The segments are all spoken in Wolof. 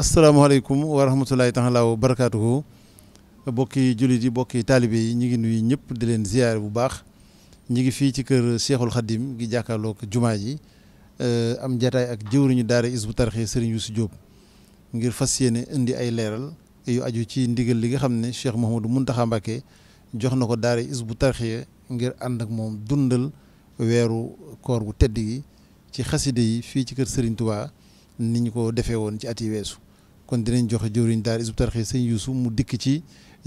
asalaamaaleykum wa rahmatulahi taala wa barakaatuhu bokki jullit yi bokki taalibe yi ñu ngi nuy ñëpp di leen ziyaare bu baax ñu ngi fii ci kër Cheikhul Khadim gi jàkkaarloog jumaa ji am jataay ak jëwriñu daara Hizbut Tarqiyyah Serigne si Diop ngir fas yéene indi ay leeral yu aju ci ndigal li nga xam ne Cheikh Mouhamadou Mountakha Mbacké jox na ko daara Hizbut Tarqiyyah ngir ànd ak moom dundal weeru koor gu tedd gi ci xaside yi fii ci kër Serigne Touba ko defee woon ci at yi weesu kon dinañ joxe jëwriñ daal Hizbut Tarqiyyah sëñ Youssou mu dikk ci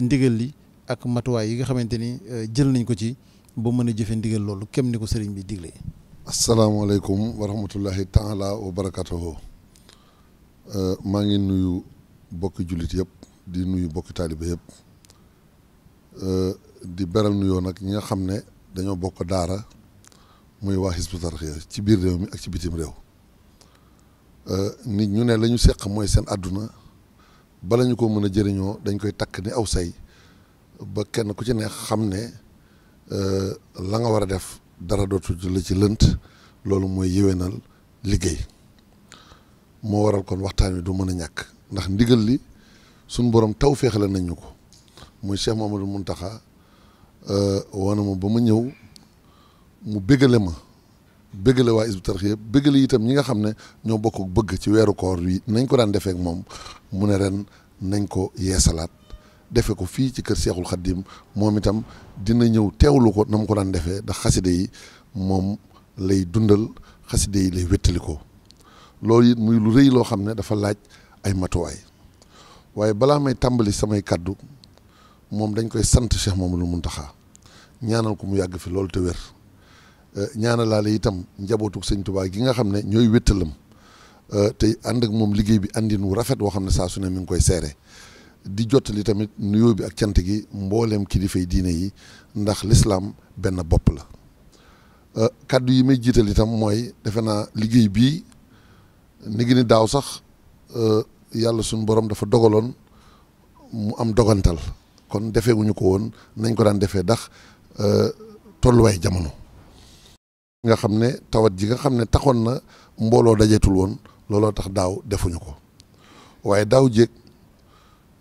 ndigal li ak matuwaay yi nga xamante ni euh, jël nañ ko ci ba mën a jëfe ndigal loolu kem ni ko sëriñ bi digle. asalaamaaleykum wa rahmatullahi taala wa euh, maa ngi nuyu bokki jullit yëpp di nuyu bokki taalibe yëpp euh, di beral nuyoo nag ñi nga xam ne dañoo bokk daara muy wax Hizbut Tarqiyyah ci biir réew mi ak ci bitim réew. Euh, nit ñu ne la ñu seq mooy seen àdduna bala ñu ko mën a jëriñoo dañ koy takk ni aw say ba kenn ku ci ne xam ne euh, la nga war a def dara dootu la ci lënt loolu mooy yéwénal liggéey moo waral kon waxtaan wi du mën a ñàkk ndax ndigal li suñ borom taw féexale nañ ñu ko muy Cheikh Mamadou Mountakha euh, woona ma ba ma ñëw mu bégale ma bëggale waa Hizbut Tarqiyyah bëggale itam ñi nga xam ne ñoo bokk bëgg ci weeru koor yi nañ ko daan defeek moom mu ne ren nañ ko yeesalaat defe ko fii ci kër Seexul Xaddim moom itam dina ñëw teewlu ko na mu ko daan defee ndax xaside yi moom lay dundal xaside yi lay wéttali ko loolu it muy lu rëy loo xam ne dafa laaj ay matuwaay waaye balaa may tàmbali samay kàddu moom dañ koy sant Cheikh mun taxa ñaanal ko mu yàgg fi loolu te wér ñaanalaale itam njabootu sëñ Tuubaa gi nga xam ne ñooy wéttalam euh, te ànd ak moom liggéey bi àndin wu rafet woo xam ne saa su ne mi ngi koy seere di jottali tamit nuyoo bi ak cant gi mbooleem kilifa kilifay diine yi ndax lislaam benn bopp la euh, kàddu yi may jiital itam mooy defe naa liggéey bii ni ngi ni daaw sax euh, yàlla suñu borom dafa dogaloon mu am dogantal kon defeewuñu ko woon nañ ko daan defee ndax tolluwaay jamono nga xam ne tawat ji nga xam ne taxoon na mbooloo dajeetul woon looloo tax daaw defuñu ko waaye daaw jéeg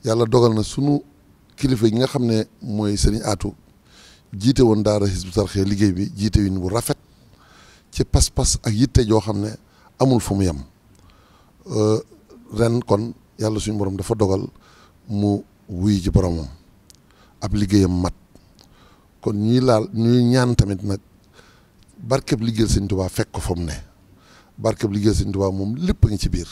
yàlla dogal na sunu kilifa yi nga xam ne mooy seeni aatu jiite woon daara Hizbut Tarqiyyah liggéey bi jiite win bu rafet ci pas-pas ak yitte joo xam ne amul fu mu yem euh, ren kon yàlla suñu borom dafa dogal mu wuy ji boromam ab liggéeyam mat kon ñuy laal ñuy ñaan tamit nag barkeb liggéeyal sëñ Tuubaa fekk ko fa mu ne barkeb liggéeyal sëñ Tuubaa moom lépp a ngi ci biir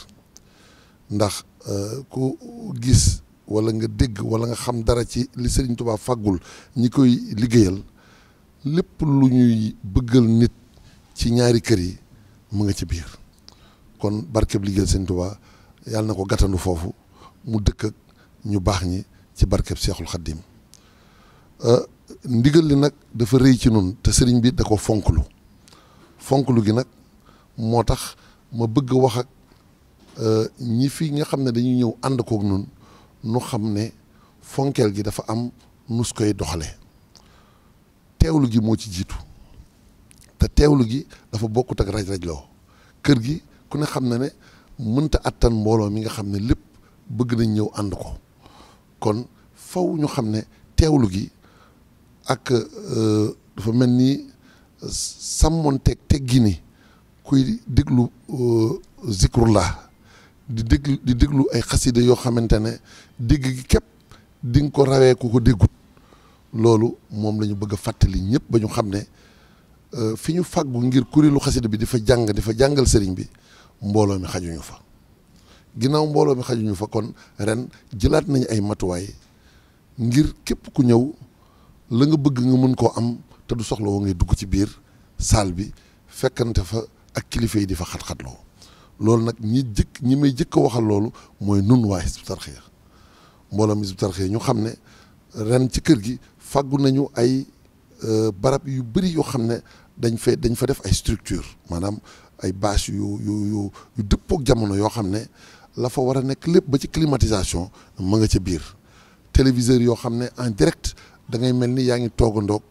ndax euh, ku gis wala nga dégg wala nga xam dara ci li sëriñ Tuubaa fàggul ñi koy liggéeyal lépp lu ñuy bëggal nit ci ñaari kër yi mu nga ci biir kon barkeb liggéeyal sëriñ Tuubaa yàlla na ko gàttandu foofu mu dëkk ñu baax ñi ci barkeb Seexul Xaddim euh, ndigal li nag dafa rëy ci noonu te sëriñ bi da ko fonklu fonk lu gi nag moo tax ma bëgg wax ak euh, ñi fi nga xam ne dañuy ñëw ànd koog nun nu xam ne fonkeel gi dafa am nus koy doxalee teewlu gi moo ci jiitu te teewlu gi dafa bokkut ak raj-raj loo kër gi ku ne xam ne ne mënta attan mbooloo mi nga xam ne lépp bëgg nañ ñëw ànd ko kon faw ñu xam ne teewlu gi ak euh, dafa mel ni sàmmonteeg teggini kuy déglu euh, zikrullah di déglu di déglu ay xasida yoo xamante ne dégg gi képp di ko rawee ku ko déggut loolu moom lañu bëgg a fàttali ñëpp ba ñu xam ne euh, fi ñu fàggu ngir kuréelu xasida bi di fa jàng di jàngal sëriñ bi mbooloo mi xajuñu fa ginnaaw mbooloo mi xajuñu fa kon ren jëlaat nañu ay matuwaay ngir képp ku ñëw la nga bëgg nga mën koo am te du soxla woo ngay dugg ci biir salle bi fekkante fa ak kilifa yi di fa xat-xatloo loolu nag ñi jëkk ñi may jëkk a waxal loolu mooy nun waa Hizbut Tarqiyyah mbooloom Hizbut Tarqiyyah ñu xam ne ren ci kër gi fàggu nañu ay euh, barab yu bëri yoo xam ne dañ fee dañ fa def ay structure maanaam ay bâche yu yu yu yu dëppook jamono yoo xam ne la fa war a nekk lépp ba ci climatisation ma nga ca biir téléviseur yoo xam ne en direct da ngay mel ni yaa ngi toogandoog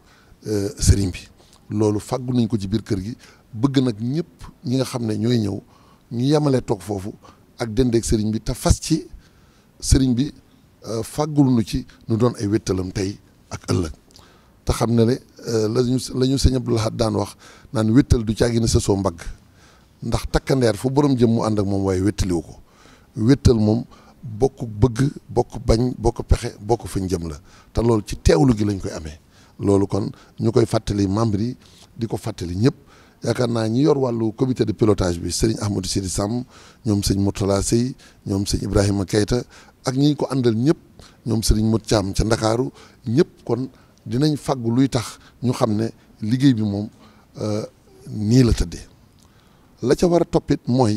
Euh, sëriñ bi loolu fàggu nañ ko ci biir kër gi bëgg nag ñëpp ñi nga xam ne ñooy ñëw ñu yemale toog foofu ak dendeeg sëriñ bi te fas ci sëriñ bi euh, fàggul nu ci nu doon ay wéttalam tey ak ëllëg te xam ne ne euh, lañu la ñu la Abdou daan wax naan wéttal du caagi ne sa soo mbagg ndax takkandeer fu borom jëm mu ànd ak moom waaye wéttaliwu ko wéttal moom bokk bëgg bokk bañ bokk pexe bokk fañ jëm la te loolu ci teewlu gi lañ koy amee loolu kon ñu koy fàttali membres yi di ko fàttali ñëpp yaakaar naa ñi yor wàllu comité de pilotage bi sëriñ Ahmadou Sidi Samb ñoom sëñ Mourtala Sey ñoom sëñ Ibrahima Keita ak ñi ko àndal ñëpp ñoom sëriñ Modou Thiam ca Ndakaaru ñëpp kon dinañ fàggu luy tax ñu xam ne liggéey bi moom euh, nii la tëddee la ca war a toppit mooy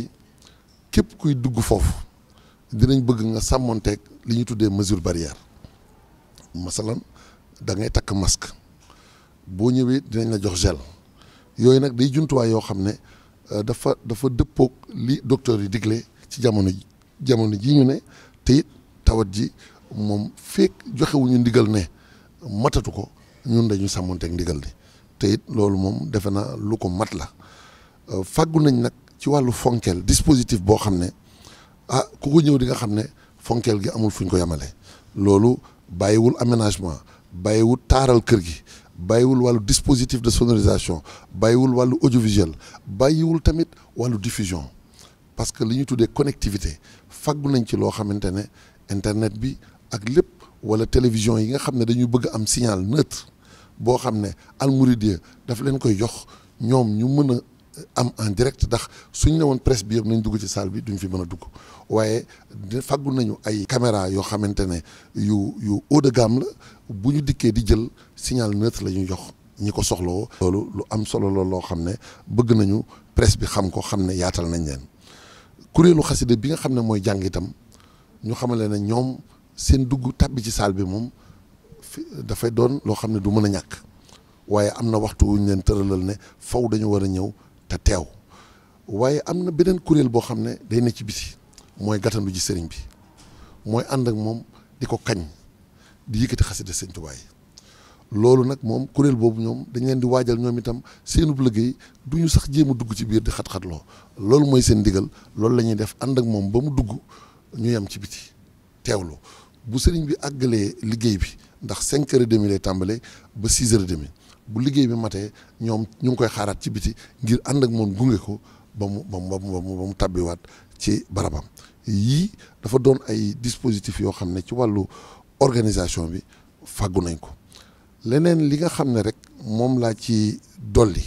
képp kuy dugg foofu dinañ bëgg nga sàmmonteeg li ñu tuddee mesure barrière masalan da ngay takk masque boo ñëwee dinañ la jox gel yooyu nag day jumtuwaay yoo xam ne euh, dafa dafa dëppook li docteur yi digle ci jamono jamono ji ñu ne te tawat ji moom feek joxewuñu ndigal ne matatu ko ñun dañu sàmmonteeg ndigal li te it loolu moom defe na lu ko mat la euh, fàggu nañ nag ci wàllu fonkeel dispositif boo xam ne ah ku ko ñëw di nga xam ne fonkeel gi amul fu ñu ko yemale loolu bàyyiwul aménagement bàyyiwul taaral kër gi bàyyiwul wàllu dispositif de sonorisation bàyyiwul wàllu audiovisuel bàyyiwul tamit wàllu diffusion parce que li ñu tuddee connectivité faggu nañ ci loo xamante ne internet bi ak lépp wala télévision yi nga xam ne dañuy bëgg am signal neutre boo xam ne Al Mouridiyyah daf leen koy jox ñoom ñu mën a am en direct ndax suñ ne woon presse bi yëpp nañ dugg ci salle bi duñ fi mën a dugg waaye faggu nañu ay caméra yoo xamante ne yu yu haut de gamme la bu ñu dikkee di jël signal neutre la ñuy jox ñi ko soxlawoo. loolu lu am solo la loo xam ne bëgg nañu presse bi xam ko xam ne yaatal nañ leen kuréelu xasida bi nga xam ne mooy jàng itam ñu xamale ne ñoom seen dugg tàbbi ci saal bi moom fi dafay doon loo xam ne du mën a ñàkk waaye am na waxtu wuñ leen tëralal ne faw dañu war a ñëw. teew waaye am na beneen kuréel boo xam ne day ne ci biti mooy gàttandu ci sëriñ bi mooy ànd ak moom di ko kañ di yëkkati xasida sëñ Tuubaa yi loolu nag moom kuréel boobu ñoom dañ leen di waajal ñoom itam seenub liggéey du ñu sax jéem a dugg ci biir di xat-xatloo loolu mooy seen diggal loolu la ñuy def ànd ak moom ba mu dugg ñu yem ci biti teewlu bu sëriñ bi àggalee liggéey bi ndax cinq heures de mille lay tàmbalee ba 6 heures de demie bu liggéey bi matee ñoom ñu ngi koy xaaraat ci biti ngir ànd ak moom gunge ko ba mu ba mu tabbiwaat ci barabam yii dafa doon ay dispositif yoo xam ne ci wàllu organisation bi fàggu nañ ko leneen li nga xam ne rek moom laa ci dolli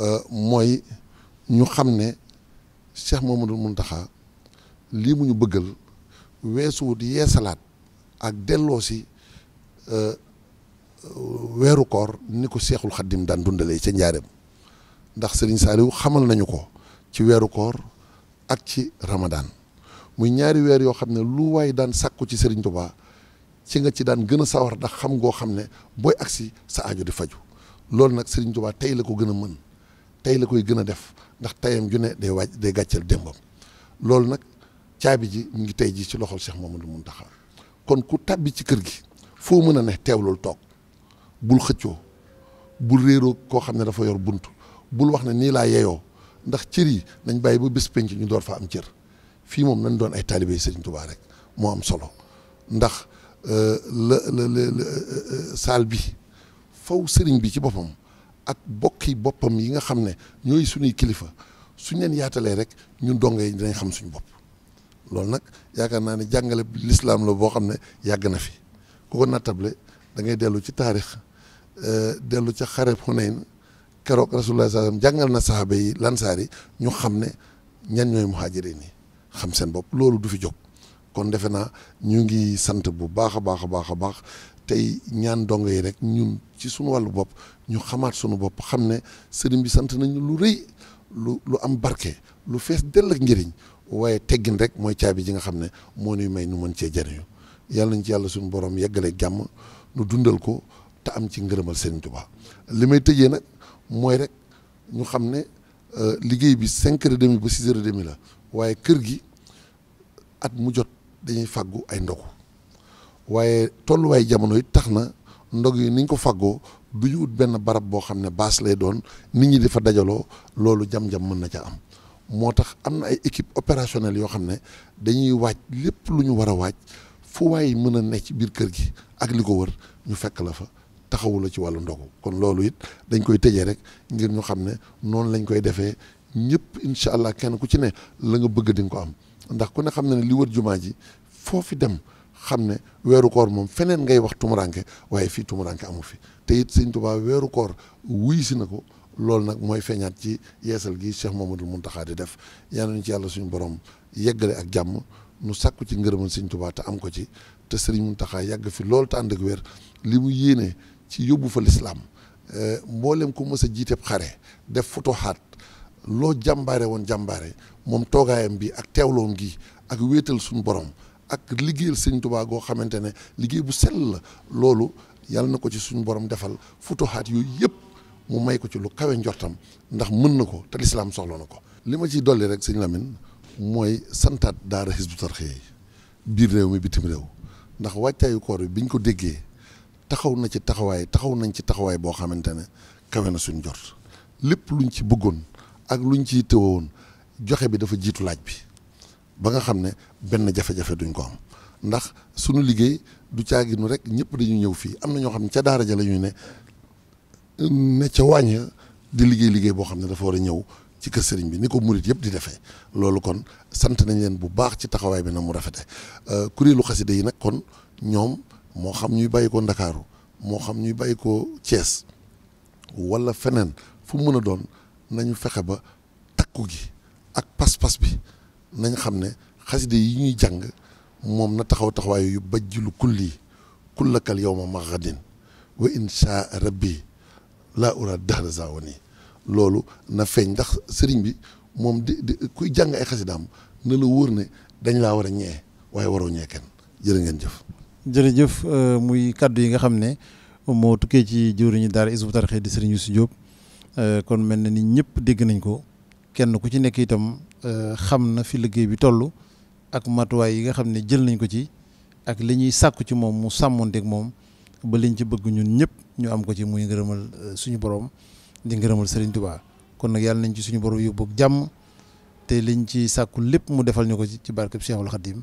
euh, mooy ñu xam ne Cheikh Mamadou Mountakha lii mu ñu bëggal weesuwut yeesalaat ak delloo si euh, weeru koor ni ko seexul xaddim daan dundalee ca njaareem ndax Serigne Saliou xamal nañu ko ci weeru koor ak ci ramadaan muy ñaari weer yoo xam ne lu waaye daan sàkku ci Serigne Touba ci nga ci daan gën a sawar ndax xam ngoo xam ne booy agsi sa ajo di faju loolu nag sëriñ Touba tey la ko gën a mën tey la koy gën a def ndax tayam ju ne day waaj day gàcceel démbam loolu nag caabi ji mu ngi tey ji ci loxol Cheikh mun Mountakha kon ku tàbbi ci kër gi foo mën a ne teewlul toog bul xëccoo bul réeroo koo xam ne dafa yor bunt bul wax ne nii laa yeyoo ndax cër yi nañ bàyyi ba bés penc ñu door fa am cër fii moom nañ doon ay taalibe yi Sëriñ Tuubaa rek moo am solo ndax euh, la euh, saal bi faw sëriñ bi ci boppam ak bokki boppam yi nga xam ne ñooy suñuy kilifa suñ leen yaatalee rek ñun yi dinañ xam suñ bopp loolu nag yaakaar naa ne jàngale lislaam la boo xam ne yàgg na fi ku ko nattable da ngay dellu ci taarix Euh, dellu ca xareb Xunayn keroog rasulullah sallam jàngal na saxaaba yi lansaar yi ñu xam ne ñan ñooy muhaajiriin yi xam seen bopp loolu du fi jog kon defe naa ñu ngi sant bu baax a baax baax a baax tey ñaan dongo yi rek ñun ci suñu wàllu bopp ñu xamaat suñu bopp xam ne sëriñ bi sant nañu lu rëy lu lu am barke lu fees dell ak njëriñ waaye teggin rek mooy caabi ji nga xam ne moo ñuy may nu mën cee jariñu yàlla nañ ci yàlla suñu borom yeggale jàmm nu dundal ko te am ci ngërëmal Serigne Touba li may tëjee nag mooy rek ñu xam ne euh, liggéey bi cinq heures et demi ba six heures et demi la waaye kër gi at mu jot dañuy fàggu ay ndogu waaye tolluwaay jamono it tax na ndog yi niñ ko faggoo du ñu ut benn barab boo xam ne baas lay doon nit ñi di fa dajaloo loolu jam-jam mën na ca am moo tax am na ay équipe opérationnelle yoo xam ne dañuy waaj lépp lu ñu war a waaj fu waay mën a nekk ci biir kër gi ak li ko wër ñu fekk la fa taxawu la ci wàllu ndogu kon loolu it dañ koy tëjee rek ngir ñu xam ne noonu lañ koy defee ñëpp incha allah kenn ku ci ne la nga bëgg di ko am ndax ku ne xam na ne li wër jumaa ji foofi dem xam ne weeru koor moom feneen ngay wax tumuranke waaye fii tumuranke amu fi te it sëñ Tuubaa weeru koor wuy si na ko loolu nag mooy feeñaat ci yeesal gi Cheikh Mamadou Muntaxa di def yal nañu ci yàlla suñu borom yeggale ak jàmm nu sakku ci ngërëmal sëñ Tuubaa am ko ci te sëriñ Muntaxa yàgg fi loolu ci yóbbu fa lislaam euh, mboolem ko mës a jiiteeb xare def futuxaat loo jàmbaare woon jàmbaare moom toogaayam bi ak teewloom gi ak wéetal suñu borom ak liggéeyal sëñ Tuubaa goo xamante ne liggéey bu sell la loolu yalla na ko ci suñu borom defal futuxaat yooyu yëpp mu may ko ci lu kawe njortam ndax mën na ko te lislaam soxla ko li ma ciy dolli rek sëñ Lamine mooy santaat daara Hizbut Tarqiyyah biir réew mi bitim réew ndax wàccaayu koor bi biñ ko déggee taxaw na ci taxawaay taxaw nañ ci taxawaay boo xamante ne kawe na suñ jot lépp luñ ci bëggoon ak luñ ci woon joxe bi dafa jiitu laaj bi ba nga xam ne benn jafe-jafe duñ ko am ndax suñu liggéey du caaginu rek ñëpp dañu ñëw fii am na ñoo xam ne ca daara ja la ne ne ca wàññi di liggéey liggéey boo xam ne dafa war a ñëw ci kër sëriñ bi ni ko murit yëpp di defee loolu kon sant nañ leen bu baax ci taxawaay bi na mu rafete euh, kuréelu xaside yi nag kon ñoom. moo xam ñuy bàyyi ko Ndakaaru moo xam ñuy bàyyi ko Thiès wala feneen fu mën a doon nañu fexe ba takku gi ak pas-pas bi nañ xam ne xaside yi ñuy jàng moom na taxaw taxawaayu yu bajjilu kulli kullakal yow ma maxadin wa insha rabbi laa ura dahra zawani loolu na feeñ ndax sëriñ bi moom di di kuy jang ay xasidaam na la wóor ne dañ laa war a ñee waaye waroo ñee kenn jërë ngeen jëf jërëjëf euh, muy kàddu yi nga xam ne moo tukkee ci jëwriñu daara Hizbut Tarqiyyah di si Youssou Diop euh, kon mel na ni ñëpp dégg nañ ko kenn ku ci nekk itam euh, xam na fi liggéey bi toll ak matuwaay yi nga xam ne jël nañ ko ci ak li ñuy sàkku ci moom mu sàmmoon sàmmonteeg moom ba liñ ci bëgg ñun ñëpp ñu am ko ci muy ngërëmal suñu borom di ngërëmal Serigne Touba kon nag yàlla nañ ci suñu borom yóbbu ak jàmm te liñ ci sàkku lépp mu defal ñu ko ci ci barkeb Cheikhul Khadim